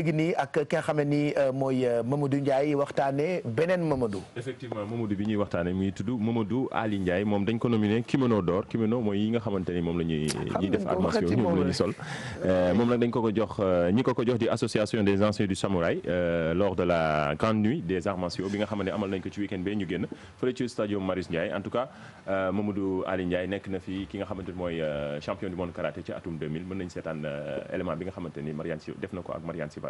léegi nii ak ki nga xam ne nii euh, mooy euh, Mamadou Ndiaye waxtaanee beneen Mamadou. effectivement Mamadou bi ñuy waxtaanee mi ngi tudd Mamadou Ali Ndiaye moom dañ ko nominé kimono d'or kimono mooy yi nga xamante moom la ñuy. Ah, euh, ko jox ko ko jox di association des de la grande nuit des arts martiaux bi nga xamante ne amal nañ ko ci week bee ñu génn fële ci stadium Marius Ndiaye en tout cas Mamadou na fi ki nga xamante ni mooy champion du monde def na ko ak Mariane Siva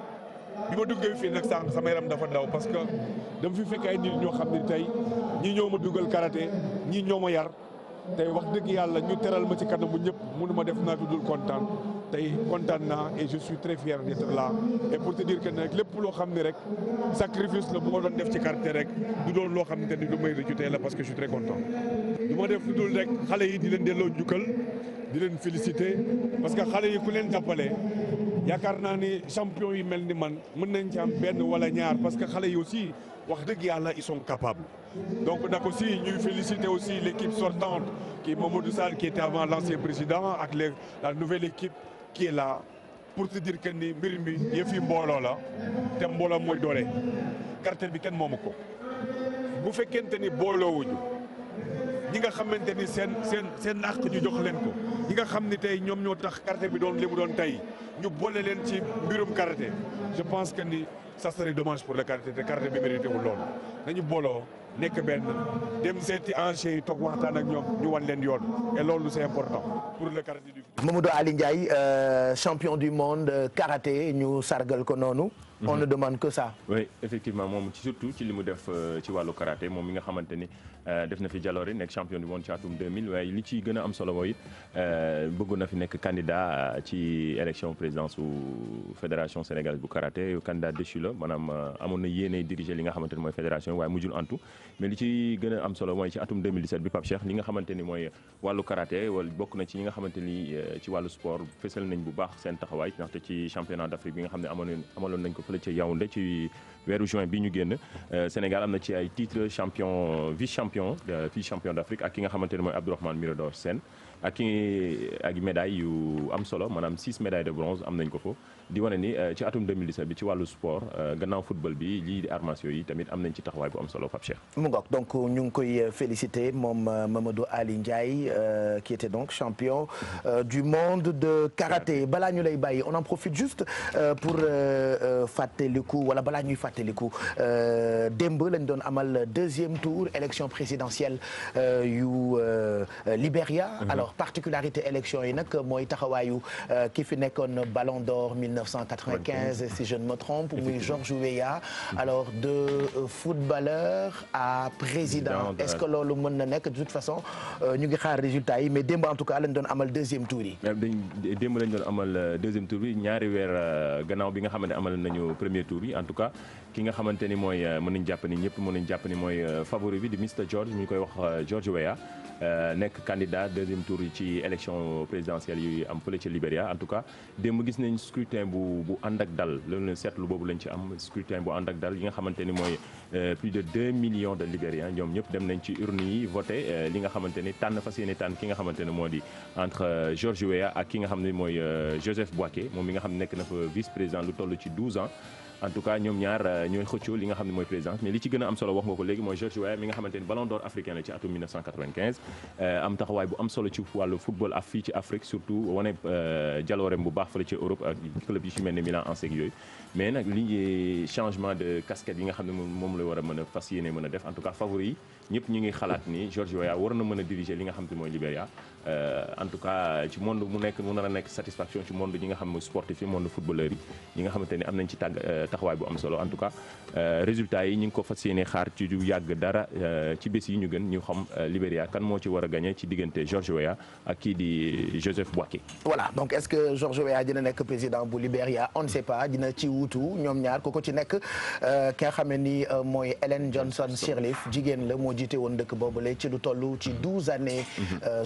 bi ma duggee fii nag sànq sama yaram dafa daw parce que dama fi fekk ay nit ñoo xam ne tey ñii ñoo ma dugal karaté ñii ñoo ma yar tey wax dëgg yàlla ñu teral ma ci kanamu ñëpp mënu ma def naa tuddul kontaan tey kontaan naa et je suis très fier d'être là et pour te dire que nag lépp loo xam ne rek sacrifice la bu ma doon def ci karaté rek du doon loo xamante ni lu may rëccu tey la parce que je suis très content du ma def dul rek xale yi di leen delloo njukkal di leen féliciter parce que xale yi ku leen jàppale yaakaar naa ni champion yi mel ni man mën nañ ci benn wala ñaar parce que xale yi aussi wax dëgg yàlla ils sont capables donc nag aussi ñuy féliciter aussi l'équipe sortante qui Mamadou Sall qui était avant l'ancien président ak les la nouvelle équipe qui est là pour te dire que ni mbir mi yëf yi mbooloo la te mbooloo mooy doole quartier bi kenn moomu ko bu fekkente ni booloowuñu ñi nga xamante ni seen seen seen àq ñu jox leen ko ñi nga xam ni tey ñoom ñoo tax karaté bi doon li mu doon tey ñu boole leen ci mbirum karaté je pense que ni ça serait dommage pour le karaté te karaté bi mérité wul loolu nañu booloo nekk benn dem seet anciens yi toog waxtaan ak ñoom ñu wan leen yoon et loolu c'est important pour le karaté du Mamadou Ali Ndiaye euh, champion du monde euh, karaté ñu sargal ko noonu Mm-hmm. on ne demande que ça. oui effectivement moom surtout ci li mu def euh, ci wàllu karaté moom mi nga xamante ni euh, def na fi jaloore nekk champion du monde ci atum 2000 waaye li ci gën am solo mooy it euh, bëggoon na fi nekk candidat ci élection présidence su fédération sénégalaise bu karaté candidat na yéenay diriger li nga xamante ni mooy fédération waaye mujjul antu mais li ci gën a am solo mooy ci atum 2017 bi Pape Cheikh li nga xamante ni mooy wàllu karaté bokk na ci ñi nga xamante ni ci wàllu sport fësal nañ bu baax seen taxawaay ndaxte ci championnat d'Afrique bi nga xam ne amoon nañ ko fële ca Yaoundé ci weeru juin bi ñu génn euh, Sénégal am na ci ay titre champion vice champion euh, vice champion d'Afrique ak ki nga xamante ne mooy Abdourahmane Mirador Sène ak ki ak médaille yu am solo maanaam six médailles de bronze am nañ ko fo di wane ni euh, ci atum bi ci wàllu sport gannaaw football bi lii di arts martiaux tamit am nañ ci taxawaay bu am solo Pape Cheikh. mu ngoog donc ñu ngi koy féliciter moom Mamadou Ali Ndiaye qui était donc champion du monde de karaté balaa ñu lay bay on en profite juste pour fàttaliku wala fàttaliku euh, démb lañ doon amal deuxième tour élection présidentielle euh, yu euh, Libéria. Mhm. alors particularité élection yi nag mooy taxawaayu ki fi nekkoon Ballon d'or 1995 si je ne me trompe muy Georges Weah mhm. alors de footballeur à président est-ce que loolu mën na nekk de toute façon ñu ngi xaar résultat yi mais démb en tout cas lañ doon amal deuxième tour yi. démb lañ doon amal deuxième tour bi ñaari weer gannaaw bi nga xamante amal nañu premier tour yi en tout cas. ki nga xamante ni mooy euh, mën nañ jàpp ni ñëpp mën nañ jàppani mooy euh, favori bi di Mr George mi ñu koy wax euh, George Weah nekk candidat deuxième tour ci élection présidentielle yu am fële ca Libéria en tout cas démb gis nañ scrutin bu bu ànd ak dal loolu la seetlu boobu lañ ci am scrutin bu ànd ak dal yi nga xamante ni mooy plus de 2 millions de Libériens ñoom ñëpp dem nañ ci urne yi voté li nga xamante ni tànn fa seeni tànn ki nga xamante ne moo di entre George Weah ak ki nga xam ne mooy Joseph Boaké moom mi nga xam nekk na fa vice président lu toll ci 12 ans. en tout cas ñoom ñaar euh, ñooy xëccoo li nga xam ne mooy présidence mais li ci gën a am solo wax nga ko léegi mooy George Weah mi nga xamante ni ballon d'or la ci atum euh, am taxawaay bu am solo ci wàllu football af fii ci Afrique surtout wane euh, jaloorem bu baax fële ci Europe ak club yi ci mel ne Milan yooyu mais nag li changement de casquette yi nga xam ne moom la war mën a fas yéene mën a def en tout cas favori yi ñu ngi xalaat ni George Euh, en tout cas ci monde mu nekk mu nar a nekk satisfaction ci monde ñi nga xam ne sportif yi monde footballeur yi ñi nga xamante ni am nañ ci tàgg euh, taxawaay bu am solo en tout cas euh, résultat yi ñu ko fas yéene xaar ci du yàgg dara ci bés yi ñu gën ñu xam Libéria kan moo ci war a gagné ci diggante George Weah ak kii di Joseph Boaké. voilà donc est-ce que George Weah dina nekk président bu Libéria on ne sait pas dina ci wuutu ñoom ñaar ko ko ci nekk ki nga xam ne ni mooy Ellen Johnson Sirleaf jigéen la moo jiite woon dëkk boobule ci lu toll ci douze mhm.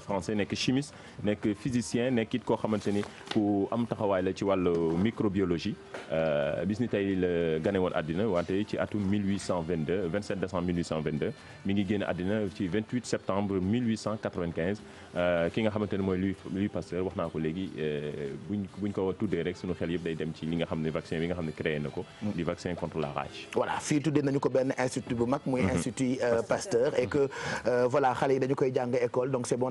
français nekk chimiste nekk it koo xamante ku am taxawaay la ci wàllu microbiologie euh, bis ni tey àddina wante ci atum mi ngi génn àddina ci septembre euh, ki nga xamante mooy Louis Pasteur wax naa ko léegi euh, buñ ko tuddee rek sunu xel yëpp day dem ci li nga xam ne vaccin bi nga xam ne créé na ko. Mm. di vaccin contre la rage. voilà fii tuddee nañu ko benn institut bu mag. muy mm-hmm. institut Pasteur et que voilà xale yi dañu koy jàng école donc c'est bon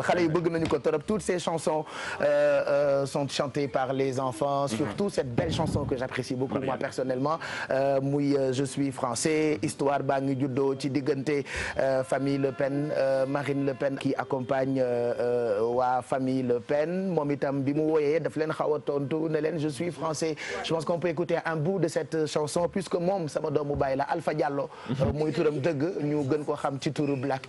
xale yi bëgg nañu ko torop toutes ces chansons euh, euh sont chantées par les enfants mhm. surtout cette belle chanson que j'apprécie beaucoup moi personnellement euh, muy euh, je suis français histoire baa ngi juddoo ci diggante famille Le Pen Marine Le Pen qui accompagne waa famille Le Pen moom itam bi mu wooyee daf leen xaw a tontu ne leen je suis français je pense qu'on peut écouter un bout de cette chanson puisque moom sama doomu baay la Alpha Diallo mhm. muy turam dëgg ñu gën ko xam ci turu Black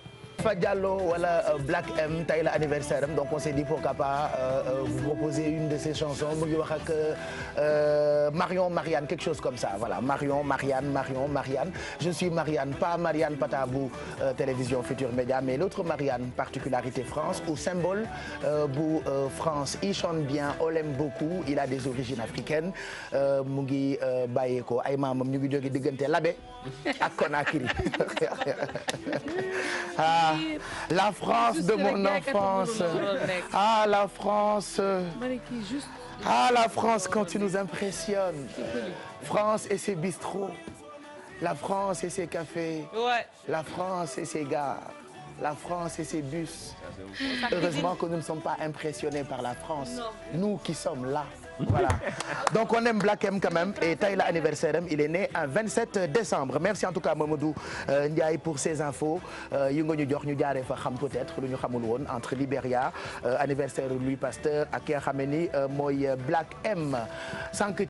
Rachfa Diallo wala euh, Black M tey la anniversaire am donc on s'est dit pourquoi pas euh, euh, vous proposer une de ses chansons mu ngi wax ak Marion Marianne quelque chose comme sa voilà Marion Marianne Marion Marianne je suis Marianne pas Marianne Pata bu télévision Futur Média mais l'autre Marianne particularité France ou symbole bu France il chante bien on l'aime beaucoup il a des origines africaines mu ngi bàyyeekoo ay maamam ñu ngi jóge diggante Labé ah la France de mon enfance ah la France ah la France quand tu nous impressionnes France et ses bistrots la France et ses cafés la France et ses gares la France et ses bus heureusement que nous ne sommes pas impressionnés par la France nous qui sommes là voilà donc on aime M quand même et tey la anniversaire am il est né merci en tout cas euh, pour ces euh, nga ñu jox ñu jaaree fa xam peut-être lu ñu xamul woon entre Libéria euh, anniversaire Louis Pasteur ak ki nga xam ne ni mooy Black M sànq